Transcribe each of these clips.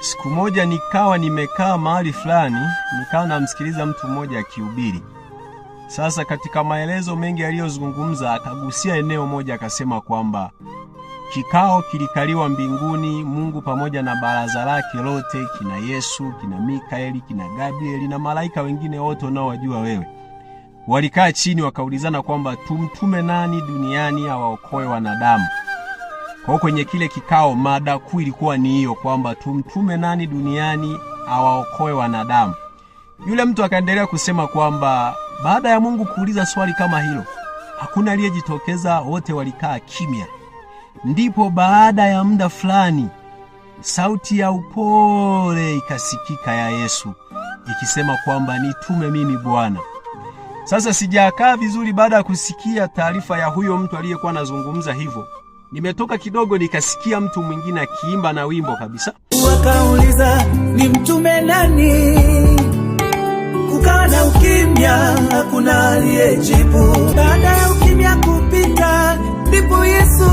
Siku moja nikawa nimekaa mahali fulani, nikawa namsikiliza mtu mmoja akihubiri. Sasa katika maelezo mengi aliyozungumza, akagusia eneo moja, akasema kwamba kikao kilikaliwa mbinguni, Mungu pamoja na baraza lake lote, kina Yesu, kina Mikaeli, kina Gabrieli na malaika wengine wote unaowajua wewe. Walikaa chini wakaulizana kwamba tumtume nani duniani awaokoe wanadamu. Kwa kwenye kile kikao, mada kuu ilikuwa ni hiyo kwamba tumtume nani duniani awaokoe wanadamu. Yule mtu akaendelea kusema kwamba baada ya Mungu kuuliza swali kama hilo, hakuna aliyejitokeza, wote walikaa kimya. Ndipo baada ya muda fulani sauti ya upole ikasikika ya Yesu ikisema kwamba nitume mimi Bwana. Sasa sijakaa vizuri baada ya kusikia taarifa ya huyo mtu aliyekuwa anazungumza hivyo, Nimetoka kidogo nikasikia mtu mwingine akiimba na wimbo kabisa, wakauliza ni mtume nani? Kukawa na ukimya, hakuna aliyejibu. Baada ya ukimya kupita, ndipo Yesu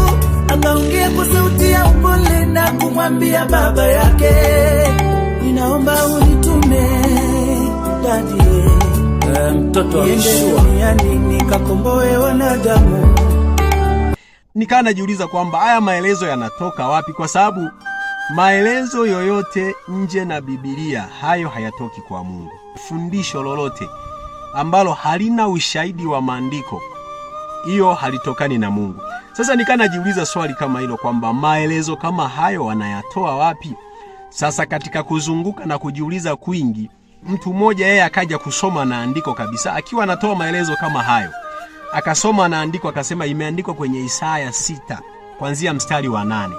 akaongea kwa sauti ya upole na kumwambia baba yake, ninaomba unitume dadie, eh, mtoto wa Yeshua, yani nikakomboe wanadamu Nikaa najiuliza kwamba haya maelezo yanatoka wapi, kwa sababu maelezo yoyote nje na Biblia hayo hayatoki kwa Mungu. Fundisho lolote ambalo halina ushahidi wa maandiko, hiyo halitokani na Mungu. Sasa nikaa najiuliza swali kama hilo kwamba maelezo kama hayo wanayatoa wapi? Sasa katika kuzunguka na kujiuliza kwingi, mtu mmoja yeye akaja kusoma na andiko kabisa, akiwa anatoa maelezo kama hayo akasoma na akasema, imeandikwa kwenye Isaya sita kuanzia mstari wa nane.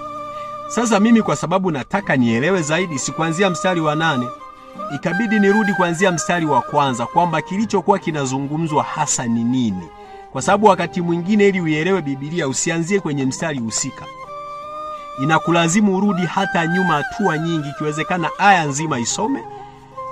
Sasa mimi kwa sababu nataka nielewe zaidi, si kuanzia mstari wa nane, ikabidi nirudi kuanzia mstari wa kwanza, kwamba kilichokuwa kinazungumzwa hasa ni nini, kwa sababu wakati mwingine ili uielewe Biblia usianzie kwenye mstari husika, inakulazimu urudi hata nyuma hatua nyingi, ikiwezekana aya nzima isome,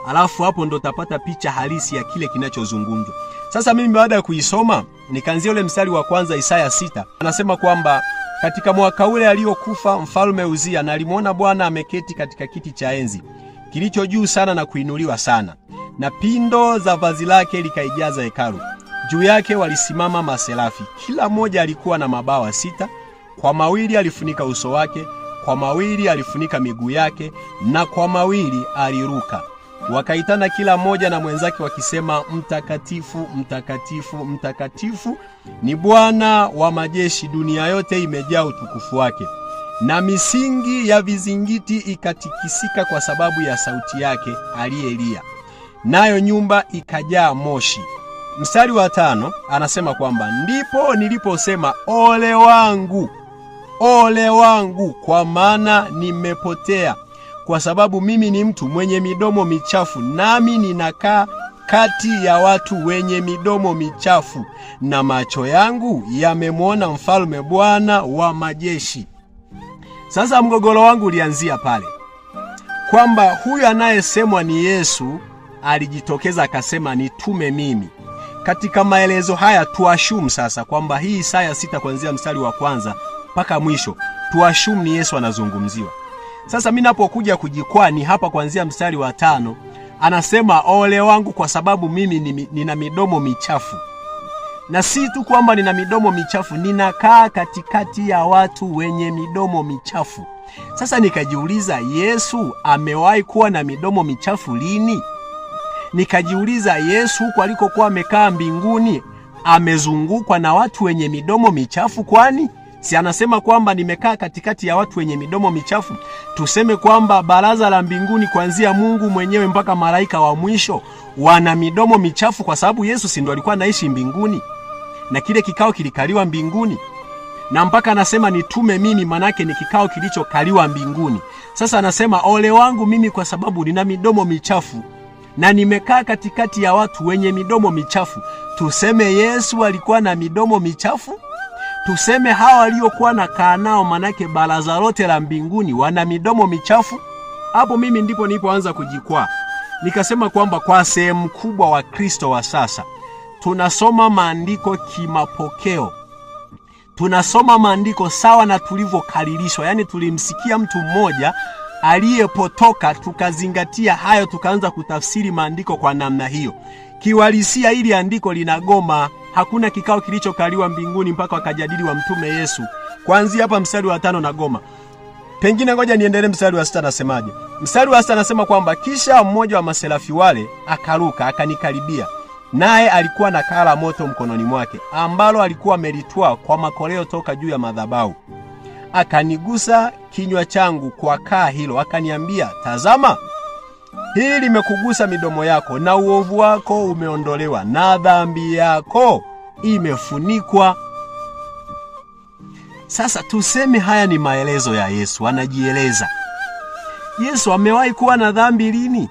alafu hapo ndo utapata picha halisi ya kile kinachozungumzwa. Sasa mimi baada ya kuisoma Nikaanzia ule mstari wa kwanza Isaya sita, anasema kwamba katika mwaka ule aliyokufa mfalme Uzia, na alimwona Bwana ameketi katika kiti cha enzi kilicho juu sana na kuinuliwa sana, na pindo za vazi lake likaijaza hekalu. Juu yake walisimama maserafi, kila mmoja alikuwa na mabawa sita. Kwa mawili alifunika uso wake, kwa mawili alifunika miguu yake, na kwa mawili aliruka. Wakaitana kila mmoja na mwenzake wakisema, mtakatifu, mtakatifu, mtakatifu ni Bwana wa majeshi, dunia yote imejaa utukufu wake. Na misingi ya vizingiti ikatikisika kwa sababu ya sauti yake aliyelia, nayo nyumba ikajaa moshi. Mstari wa tano anasema kwamba ndipo niliposema, ole wangu, ole wangu, kwa maana nimepotea kwa sababu mimi ni mtu mwenye midomo michafu, nami ninakaa kati ya watu wenye midomo michafu, na macho yangu yamemwona mfalme, Bwana wa majeshi. Sasa mgogoro wangu ulianzia pale kwamba huyu anayesemwa ni Yesu alijitokeza akasema nitume mimi. Katika maelezo haya tuashumu sasa kwamba hii Isaya sita kuanzia mstari wa kwanza mpaka mwisho, tuashumu ni Yesu anazungumziwa. Sasa mimi napokuja kujikwani hapa kuanzia mstari wa tano anasema ole wangu kwa sababu mimi nina midomo michafu, na si tu kwamba nina midomo michafu, ninakaa katikati ya watu wenye midomo michafu. Sasa nikajiuliza, Yesu amewahi kuwa na midomo michafu lini? Nikajiuliza, Yesu huko alikokuwa amekaa mbinguni amezungukwa na watu wenye midomo michafu kwani? Si anasema kwamba nimekaa katikati ya watu wenye midomo michafu? Tuseme kwamba baraza la mbinguni kuanzia Mungu mwenyewe mpaka malaika wa mwisho wana midomo michafu, kwa sababu Yesu si ndo alikuwa anaishi mbinguni na kile kikao kilikaliwa mbinguni na mpaka anasema nitume mimi, manake ni kikao kilichokaliwa mbinguni. Sasa anasema ole wangu mimi, kwa sababu nina midomo michafu na nimekaa katikati ya watu wenye midomo michafu. Tuseme Yesu alikuwa na midomo michafu? tuseme hawa waliokuwa na kaa nao, manake baraza lote la mbinguni wana midomo michafu. Hapo mimi ndipo nilipoanza kujikwaa, nikasema kwamba kwa sehemu kubwa wa kristo wa sasa tunasoma maandiko kimapokeo, tunasoma maandiko sawa na tulivyokalilishwa. Yaani tulimsikia mtu mmoja aliyepotoka, tukazingatia hayo, tukaanza kutafsiri maandiko kwa namna hiyo. kiwalisia hili andiko linagoma hakuna kikao kilichokaliwa mbinguni mpaka wakajadili wa mtume Yesu. Kuanzia hapa mstari wa tano na goma. Pengine ngoja niendelee mstari wa sita nasemaje? Mstari wa sita anasema kwamba kisha mmoja wa maselafi wale akaruka akanikaribia, naye alikuwa na kala moto mkononi mwake ambalo alikuwa amelitwaa kwa makoleo toka juu ya madhabahu. Akanigusa kinywa changu kwa kaa hilo, akaniambia, tazama hili limekugusa midomo yako, na uovu wako umeondolewa, na dhambi yako imefunikwa. Sasa tuseme haya ni maelezo ya Yesu, anajieleza. Yesu amewahi kuwa na dhambi lini?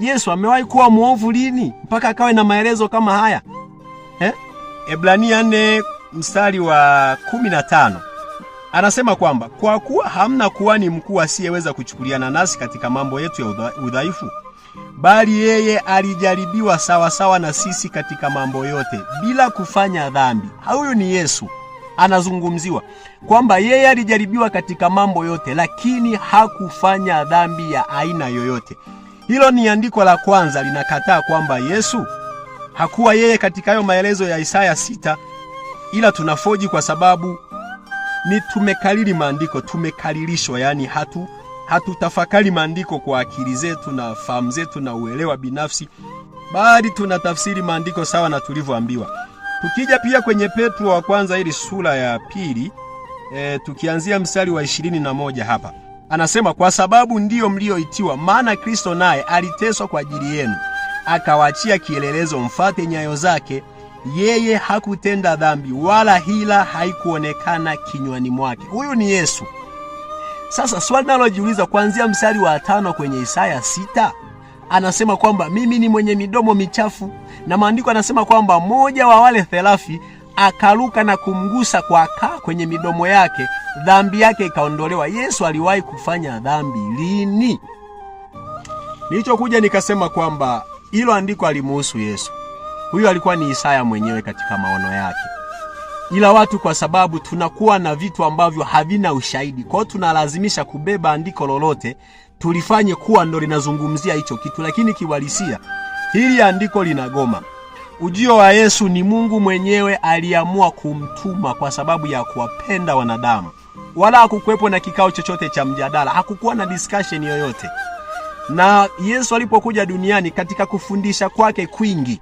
Yesu amewahi kuwa mwovu lini mpaka akawe na maelezo kama haya eh? Ebrania 4 mstari wa 15 Anasema kwamba kwa kuwa hamna kuhani mkuu asiyeweza kuchukuliana nasi katika mambo yetu ya udhaifu, bali yeye alijaribiwa sawasawa sawa na sisi katika mambo yote bila kufanya dhambi. Huyu ni Yesu anazungumziwa kwamba yeye alijaribiwa katika mambo yote, lakini hakufanya dhambi ya aina yoyote. Hilo ni andiko la kwanza linakataa kwamba Yesu hakuwa yeye katika hayo maelezo ya Isaya sita, ila tunafoji kwa sababu ni tumekalili maandiko, tumekalilishwa yaani hatu hatutafakari maandiko kwa akili zetu na fahamu zetu na uelewa binafsi, bali tunatafsiri maandiko sawa na tulivyoambiwa. Tukija pia kwenye Petro wa kwanza ili sura ya pili e, tukianzia mstari wa ishirini na moja hapa anasema, kwa sababu ndiyo mlioitiwa, maana Kristo naye aliteswa kwa ajili yenu, akawaachia kielelezo, mfate nyayo zake, yeye hakutenda dhambi wala hila haikuonekana kinywani mwake. Huyu ni Yesu. Sasa swali nalojiuliza kuanzia mstari wa tano kwenye Isaya sita anasema kwamba mimi ni mwenye midomo michafu, na maandiko anasema kwamba mmoja wa wale thelafi akaruka na kumgusa kwa kaa kwenye midomo yake, dhambi yake ikaondolewa. Yesu aliwahi kufanya dhambi lini? Nilichokuja nikasema kwamba hilo andiko alimuhusu Yesu. Huyo alikuwa ni Isaya mwenyewe katika maono yake. Ila watu kwa sababu tunakuwa na vitu ambavyo havina ushahidi, kwa hiyo tunalazimisha kubeba andiko lolote tulifanye kuwa ndo linazungumzia hicho kitu, lakini kiwalisia hili andiko linagoma. Ujio wa Yesu ni Mungu mwenyewe aliamua kumtuma kwa sababu ya kuwapenda wanadamu. Wala hakukuwepo na kikao chochote cha mjadala, hakukuwa na discussion yoyote. Na Yesu alipokuja duniani katika kufundisha kwake kwingi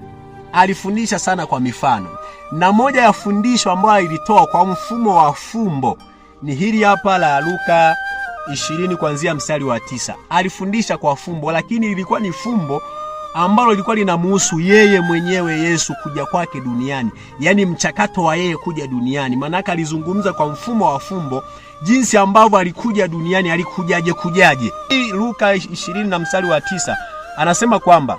alifundisha sana kwa mifano, na moja ya fundisho ambayo ilitoa kwa mfumo wa fumbo ni hili hapa la Luka 20 kuanzia mstari wa tisa. Alifundisha kwa fumbo, lakini ilikuwa ni fumbo ambalo lilikuwa linamuhusu yeye mwenyewe Yesu kuja kwake duniani, yaani mchakato wa yeye kuja duniani. Maanake alizungumza kwa mfumo wa fumbo, jinsi ambavyo alikuja duniani, alikujaje kujaje. Hii Luka 20 na mstari wa tisa anasema kwamba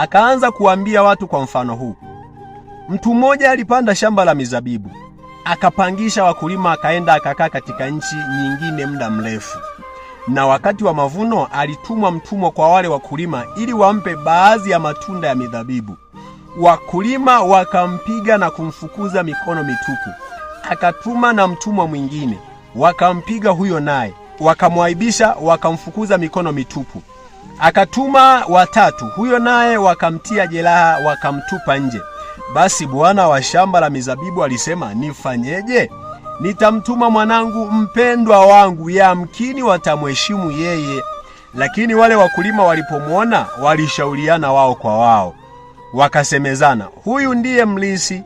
Akaanza kuambia watu kwa mfano huu: mtu mmoja alipanda shamba la mizabibu, akapangisha wakulima, akaenda akakaa katika nchi nyingine muda mrefu. Na wakati wa mavuno alitumwa mtumwa kwa wale wakulima ili wampe baadhi ya matunda ya mizabibu. Wakulima wakampiga na kumfukuza mikono mitupu. Akatuma na mtumwa mwingine, wakampiga huyo naye, wakamwaibisha, wakamfukuza mikono mitupu. Akatuma watatu, huyo naye wakamtia jeraha, wakamtupa nje. Basi bwana wa shamba la mizabibu alisema, nifanyeje? Nitamtuma mwanangu mpendwa wangu, yamkini watamheshimu yeye. Lakini wale wakulima walipomwona, walishauriana wao kwa wao, wakasemezana, huyu ndiye mlisi,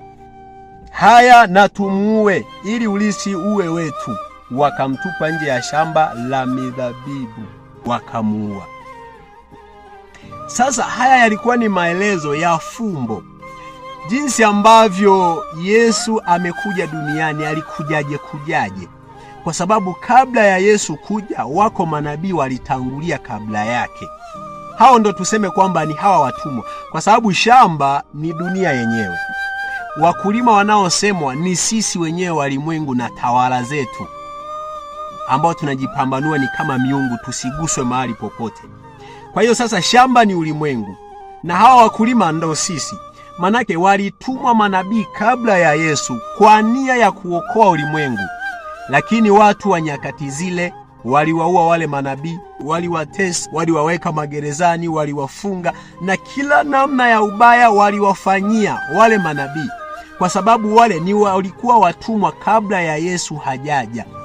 haya na tumuue, ili ulisi uwe wetu. Wakamtupa nje ya shamba la mizabibu, wakamuua. Sasa haya yalikuwa ni maelezo ya fumbo, jinsi ambavyo Yesu amekuja duniani. Alikujaje? Kujaje? Kwa sababu kabla ya Yesu kuja, wako manabii walitangulia kabla yake. Hao ndo tuseme kwamba ni hawa watumwa, kwa sababu shamba ni dunia yenyewe. Wakulima wanaosemwa ni sisi wenyewe, walimwengu na tawala zetu, ambao tunajipambanua ni kama miungu, tusiguswe mahali popote. Kwa hiyo sasa shamba ni ulimwengu, na hawa wakulima ndo sisi. Manake walitumwa manabii kabla ya Yesu kwa nia ya kuokoa ulimwengu, lakini watu wa nyakati zile waliwaua wale manabii, waliwatesa, waliwaweka magerezani, waliwafunga na kila namna ya ubaya waliwafanyia wale manabii, kwa sababu wale ni walikuwa watumwa kabla ya Yesu hajaja.